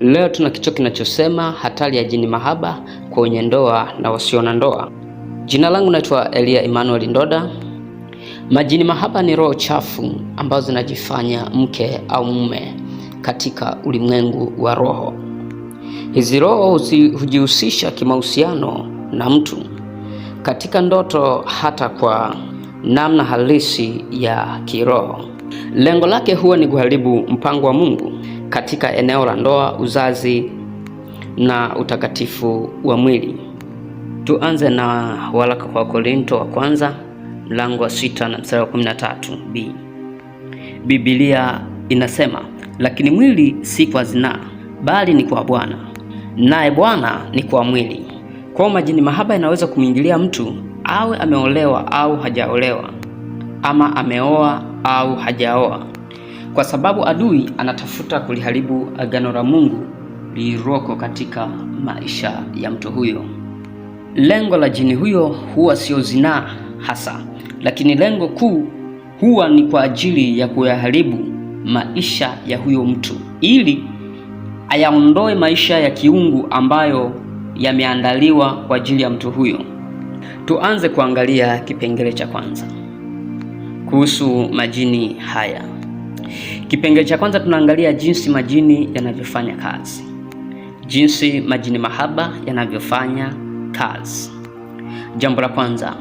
Leo tuna kichwa kinachosema hatari ya jini mahaba kwa wenye ndoa na wasio na ndoa. Jina langu naitwa Elia Emmanuel Ndoda. Majini mahaba ni roho chafu ambazo zinajifanya mke au mume katika ulimwengu wa roho. Hizi roho hujihusisha kimahusiano na mtu katika ndoto, hata kwa namna halisi ya kiroho. Lengo lake huwa ni kuharibu mpango wa Mungu katika eneo la ndoa, uzazi na utakatifu wa mwili. Tuanze na waraka kwa Korinto wa kwanza mlango wa sita na mstari wa tatu b Biblia inasema, lakini mwili si kwa zinaa, bali ni kwa Bwana, naye Bwana ni kwa mwili. Kwa majini mahaba inaweza kumwingilia mtu awe ameolewa au hajaolewa, ama ameoa au hajaoa kwa sababu adui anatafuta kuliharibu agano la Mungu liroko katika maisha ya mtu huyo. Lengo la jini huyo huwa sio zinaa hasa, lakini lengo kuu huwa ni kwa ajili ya kuyaharibu maisha ya huyo mtu ili ayaondoe maisha ya kiungu ambayo yameandaliwa kwa ajili ya mtu huyo. Tuanze kuangalia kipengele cha kwanza kuhusu majini haya. Kipengele cha kwanza tunaangalia jinsi majini yanavyofanya kazi, jinsi majini mahaba yanavyofanya kazi. Jambo la kwanza,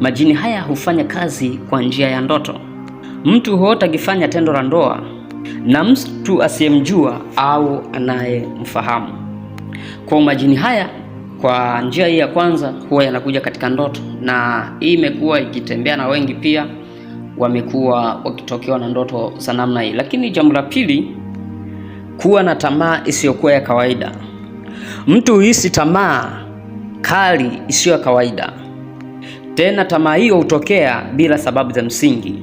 majini haya hufanya kazi kwa njia ya ndoto. Mtu huota akifanya tendo la ndoa na mtu asiyemjua au anayemfahamu. Kwa majini haya kwa njia hii ya kwanza huwa yanakuja katika ndoto, na hii imekuwa ikitembea na wengi pia wamekuwa wakitokewa na ndoto za namna hii. Lakini jambo la pili, kuwa na tamaa isiyokuwa ya kawaida. Mtu huhisi tamaa kali isiyo ya kawaida, tena tamaa hiyo hutokea bila sababu za msingi,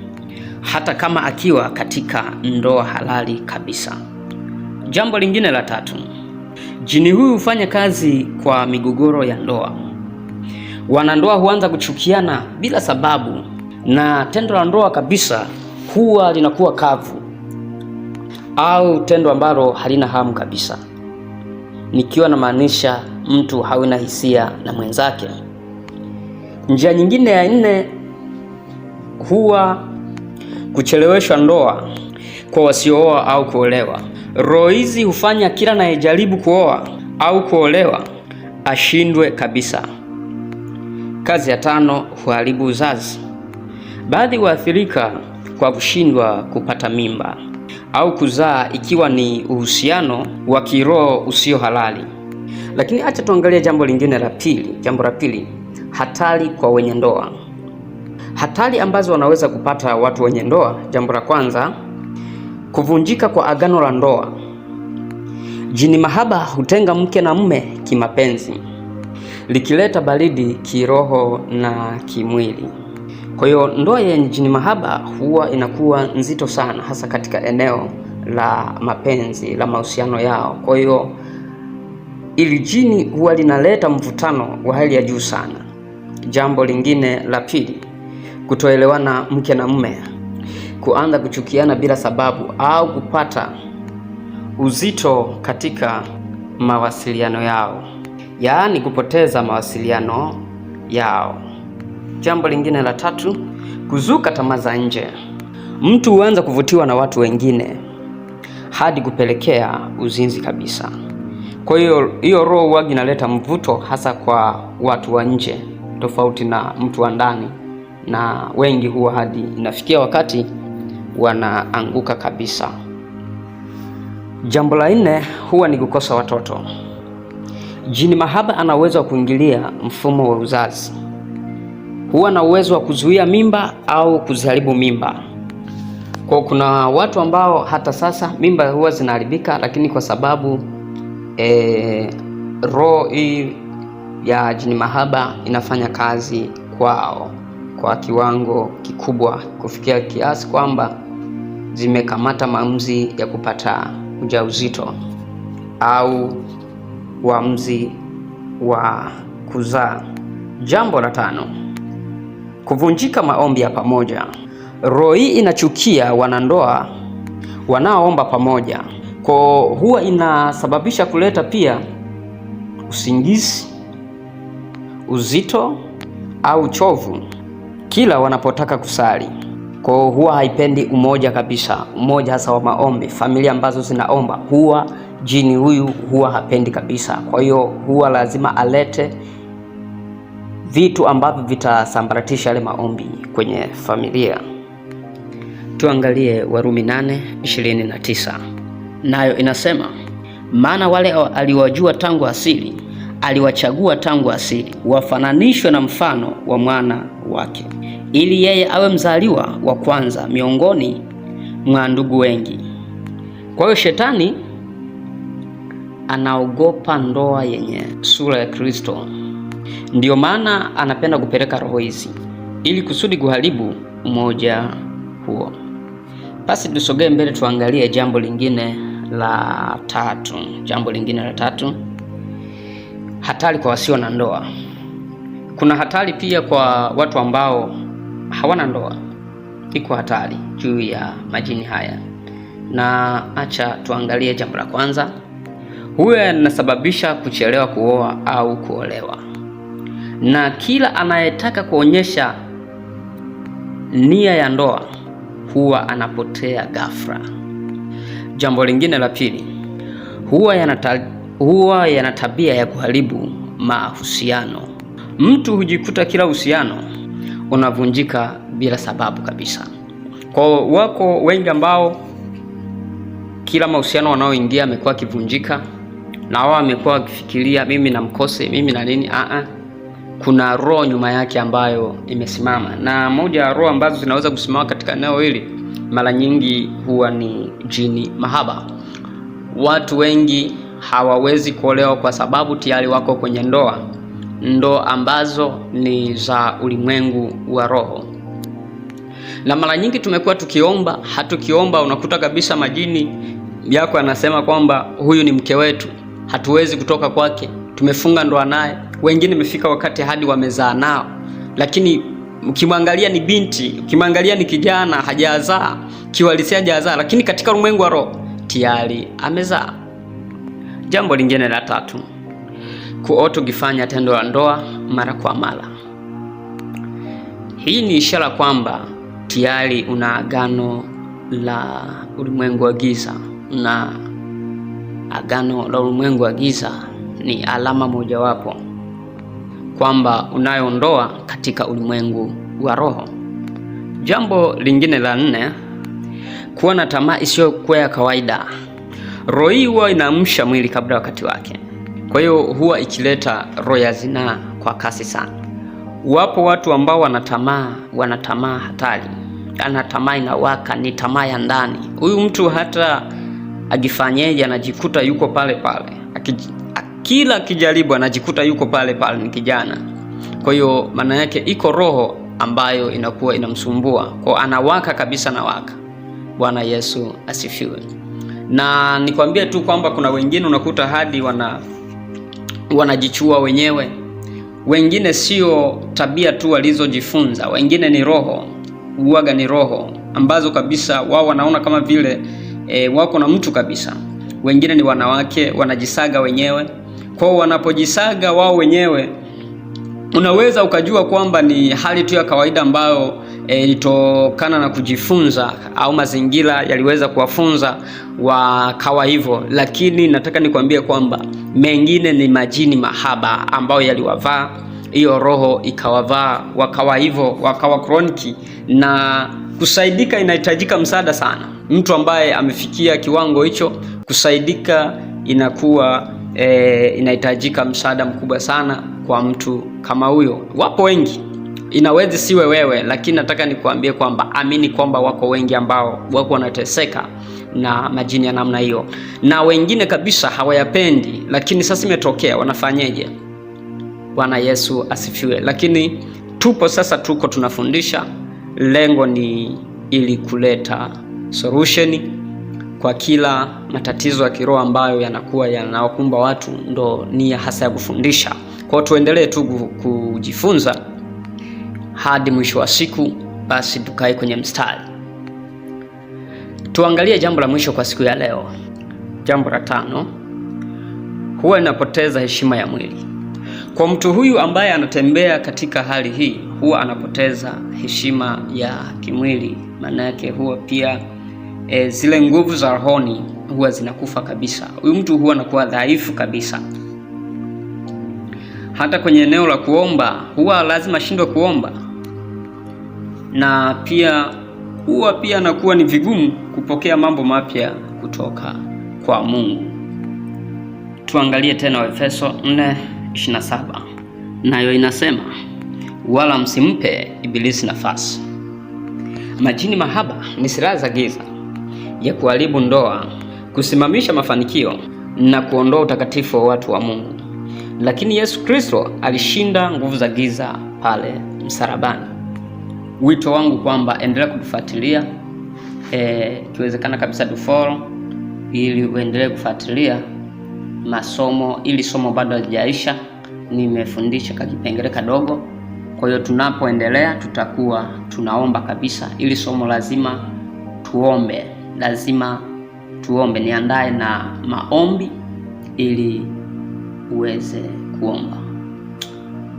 hata kama akiwa katika ndoa halali kabisa. Jambo lingine la tatu, jini huyu hufanya kazi kwa migogoro ya ndoa. Wanandoa huanza kuchukiana bila sababu na tendo la ndoa kabisa huwa linakuwa kavu au tendo ambalo halina hamu kabisa, nikiwa namaanisha mtu hawina hisia na mwenzake. Njia nyingine ya nne huwa kucheleweshwa ndoa kwa wasiooa au kuolewa. Roho hizi hufanya kila anayejaribu kuoa au kuolewa ashindwe kabisa. Kazi ya tano, huharibu uzazi. Baadhi waathirika kwa kushindwa kupata mimba au kuzaa ikiwa ni uhusiano wa kiroho usio halali. Lakini acha tuangalie jambo lingine la pili. Jambo la pili, hatari kwa wenye ndoa, hatari ambazo wanaweza kupata watu wenye ndoa. Jambo la kwanza, kuvunjika kwa agano la ndoa. Jini mahaba hutenga mke na mume kimapenzi, likileta baridi kiroho na kimwili. Kwa hiyo ndoa ya njini mahaba huwa inakuwa nzito sana, hasa katika eneo la mapenzi la mahusiano yao. Kwa hiyo ili jini huwa linaleta mvutano wa hali ya juu sana. Jambo lingine la pili, kutoelewana mke na mume, kuanza kuchukiana bila sababu au kupata uzito katika mawasiliano yao, yaani kupoteza mawasiliano yao. Jambo lingine la tatu, kuzuka tamaa za nje. Mtu huanza kuvutiwa na watu wengine hadi kupelekea uzinzi kabisa. Kwa hiyo hiyo roho huwa inaleta mvuto hasa kwa watu wa nje tofauti na mtu wa ndani, na wengi huwa hadi inafikia wakati wanaanguka kabisa. Jambo la nne huwa ni kukosa watoto. Jini mahaba ana wa kuingilia mfumo wa uzazi huwa na uwezo wa kuzuia mimba au kuziharibu mimba. Kwa kuna watu ambao hata sasa mimba huwa zinaharibika, lakini kwa sababu e, roho hii ya jini mahaba inafanya kazi kwao kwa kiwango kikubwa kufikia kiasi kwamba zimekamata maamuzi ya kupata ujauzito au uamuzi wa kuzaa. Jambo la tano Kuvunjika maombi ya pamoja. Roho hii inachukia wanandoa wanaoomba pamoja, kwa huwa inasababisha kuleta pia usingizi, uzito au chovu kila wanapotaka kusali. Kwa huwa haipendi umoja kabisa, umoja hasa wa maombi. Familia ambazo zinaomba huwa jini huyu huwa hapendi kabisa, kwa hiyo huwa lazima alete vitu ambavyo vitasambaratisha yale maombi kwenye familia. Tuangalie Warumi 8:29 nayo inasema, maana wale aliwajua tangu asili aliwachagua tangu asili wafananishwe na mfano wa mwana wake, ili yeye awe mzaliwa wa kwanza miongoni mwa ndugu wengi. Kwa hiyo shetani anaogopa ndoa yenye sura ya Kristo. Ndiyo maana anapenda kupeleka roho hizi ili kusudi kuharibu umoja huo. Basi tusogee mbele, tuangalie jambo lingine la tatu. Jambo lingine la tatu, hatari kwa wasio na ndoa. Kuna hatari pia kwa watu ambao hawana ndoa, iko hatari juu ya majini haya, na acha tuangalie jambo la kwanza. Huyo anasababisha kuchelewa kuoa au kuolewa na kila anayetaka kuonyesha nia ya ndoa huwa anapotea ghafla. Jambo lingine la pili, huwa yana huwa yana tabia ya kuharibu mahusiano. Mtu hujikuta kila uhusiano unavunjika bila sababu kabisa. Kwa wako wengi ambao kila mahusiano wanaoingia amekuwa akivunjika, na wao amekuwa akifikiria mimi namkose mimi na nini. Aa, ah, ah kuna roho nyuma yake ambayo imesimama, na moja ya roho ambazo zinaweza kusimama katika eneo hili mara nyingi huwa ni jini mahaba. Watu wengi hawawezi kuolewa kwa sababu tayari wako kwenye ndoa, ndoa ambazo ni za ulimwengu wa roho, na mara nyingi tumekuwa tukiomba, hatukiomba unakuta kabisa majini yako anasema kwamba huyu ni mke wetu, hatuwezi kutoka kwake, tumefunga ndoa naye wengine imefika wakati hadi wamezaa nao, lakini ukimwangalia ni binti, ukimwangalia ni kijana, hajazaa kiwalisia, hajazaa, lakini katika ulimwengu wa roho tayari amezaa. Jambo lingine la tatu, kifanya tendo la ndoa mara kwa mara. Hii ni ishara kwamba tayari una agano la ulimwengu wa giza, na agano la ulimwengu wa giza ni alama mojawapo kwamba unayo ndoa katika ulimwengu wa roho. Jambo lingine la nne, kuwa na tamaa isiyokuwa ya kawaida. Roho hii huwa inaamsha mwili kabla wakati wake, kwa hiyo huwa ikileta roho ya zinaa kwa kasi sana. Wapo watu ambao wanatamaa, wanatamaa hatari, ana tamaa inawaka, ni tamaa ya ndani. Huyu mtu hata ajifanyeje, anajikuta yuko pale pale kila kijaribu anajikuta yuko pale pale, ni kijana. Kwa hiyo maana yake iko roho ambayo inakuwa inamsumbua kwa anawaka kabisa na waka. Bwana Yesu asifiwe. Na nikwambie tu kwamba kuna wengine unakuta hadi wana wanajichua wenyewe. Wengine sio tabia tu walizojifunza, wengine ni roho uwaga, ni roho ambazo kabisa wao wanaona kama vile e, wako na mtu kabisa. Wengine ni wanawake wanajisaga wenyewe kwao wanapojisaga wao wenyewe, unaweza ukajua kwamba ni hali tu ya kawaida ambayo e, ilitokana e, na kujifunza au mazingira yaliweza kuwafunza wakawa hivyo, lakini nataka nikwambie kwamba mengine ni majini mahaba ambayo yaliwavaa hiyo roho ikawavaa, wakawa hivyo, wakawa kroniki na kusaidika. Inahitajika msaada sana, mtu ambaye amefikia kiwango hicho, kusaidika inakuwa e, inahitajika msaada mkubwa sana kwa mtu kama huyo. Wapo wengi, inawezi siwe wewe, lakini nataka nikuambie kwamba amini kwamba wako wengi ambao wako wanateseka na majini ya namna hiyo, na wengine kabisa hawayapendi, lakini sasa imetokea, wanafanyeje? Bwana Yesu asifiwe. Lakini tupo sasa, tuko tunafundisha, lengo ni ili kuleta solution kwa kila matatizo ya kiroho ambayo yanakuwa yanawakumba watu, ndo nia hasa ya kufundisha. Kwa tuendelee tu kujifunza hadi mwisho wa siku. Basi tukae kwenye mstari, tuangalie jambo la mwisho kwa siku ya leo. Jambo la tano, huwa inapoteza heshima ya mwili. Kwa mtu huyu ambaye anatembea katika hali hii, huwa anapoteza heshima ya kimwili, maana yake huwa pia e, zile nguvu za rohoni huwa zinakufa kabisa. Huyu mtu huwa anakuwa dhaifu kabisa. Hata kwenye eneo la kuomba huwa lazima ashindwe kuomba, na pia huwa pia anakuwa ni vigumu kupokea mambo mapya kutoka kwa Mungu. Tuangalie tena Waefeso 4:27 nayo inasema, wala msimpe Ibilisi nafasi. Majini mahaba ni silaha za giza ya kuharibu ndoa kusimamisha mafanikio na kuondoa utakatifu wa watu wa Mungu. Lakini Yesu Kristo alishinda nguvu za giza pale msalabani. Wito wangu kwamba endelea kutufuatilia e, kiwezekana kabisa tufollow ili uendelee kufuatilia masomo, ili somo bado halijaisha. Nimefundisha kakipengele kadogo, kwa hiyo tunapoendelea tutakuwa tunaomba kabisa, ili somo lazima tuombe, lazima tuombe, niandae na maombi ili uweze kuomba.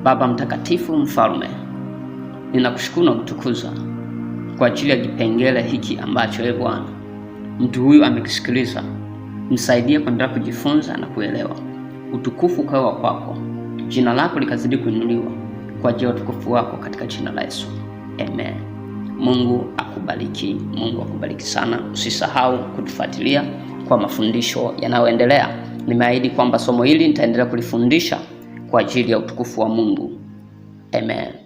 Baba mtakatifu, mfalme, ninakushukuru na kutukuza kwa ajili ya kipengele hiki ambacho, e Bwana, mtu huyu amekisikiliza. Msaidie kuendelea kujifunza na kuelewa. Utukufu ukawa kwako, jina lako likazidi kuinuliwa kwa ajili ya utukufu wako, katika jina la Yesu, amen. Mungu akubariki, Mungu akubariki sana. Usisahau kutufuatilia kwa mafundisho yanayoendelea. Nimeahidi kwamba somo hili nitaendelea kulifundisha kwa ajili ya utukufu wa Mungu. Amen.